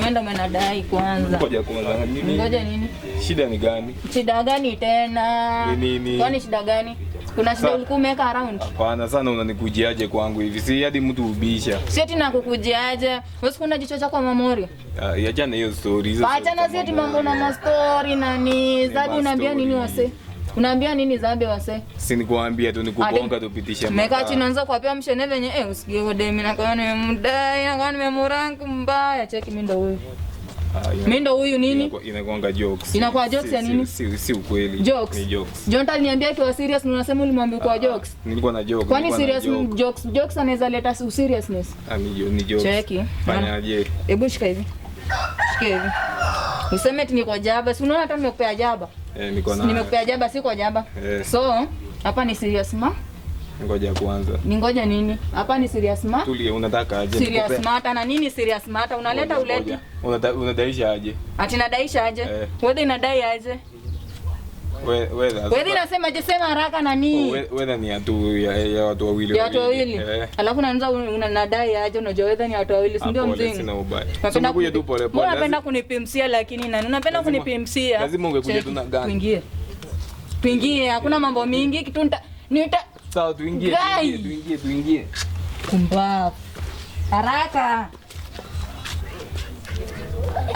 Mwenda mwanadai kwanza. Ngoja kwanza. Nini? Ngoja nini? Shida ni gani? Shida gani tena? Ni nini? Kwani shida gani? Kuna shida ulikuwa umeka around? Hapana sana, unanikujiaje kwangu hivi? Si hadi mtu ubisha. Sio tena nakukujiaje? Wewe kuna jicho chako kwa mamori. Ah, uh, yachana hiyo story hizo. Acha na sisi mambo na mastori na nini? Zaidi unaambia nini wase? Unaambia nini zambe wase? Si ni kuambia tu ni tu pitisha mama. Meka chini naanza kuapia mshene venye eh usikie kwa demi na kwa nimemdai na kwa nimemurangu mbaya cheki mimi ndo huyu. Ah, mimi ndo huyu nini? Inakuanga jokes. Inakuwa jokes ya nini? Si si ukweli. Jokes. Ni jokes. Jonta aliniambia kwa serious na unasema ulimwambia kwa ah, jokes. Nilikuwa na joke. Kwani serious ni jokes jokes anaweza leta su seriousness? Ah ni jokes. Cheki. Fanyaje? Hebu shika hivi. Shika hivi. Useme eti kwa jaba. Si unaona hata nimekupea jaba. Eh, nimekupea jaba si kwa jaba. Eh. So, hapa ni serious ma. Ngoja kwanza. Ni ngoja nini? Hapa ni serious ma. Tulie, unataka aje? Serious ma na nini serious ma unaleta uleti. Unadaisha aje? Ati nadaisha aje? Eh. Wewe unadai aje? Wewe nasema je, sema haraka nani? Wewe oh, ni watu ya watu wawili. Ya watu wawili. Eh. Alafu naanza unadai aje, unajua wewe ni watu wawili, si ndio mzinga? Napenda kuja tu pole pole. Unapenda kunipimsia lakini nani? napenda kunipimsia. Lazima ungekuja tu na gani? Tuingie. Tuingie, hakuna mambo mingi, kitu nita nita Sawa, tuingie. Tuingie, tuingie. Kumbavu. Haraka.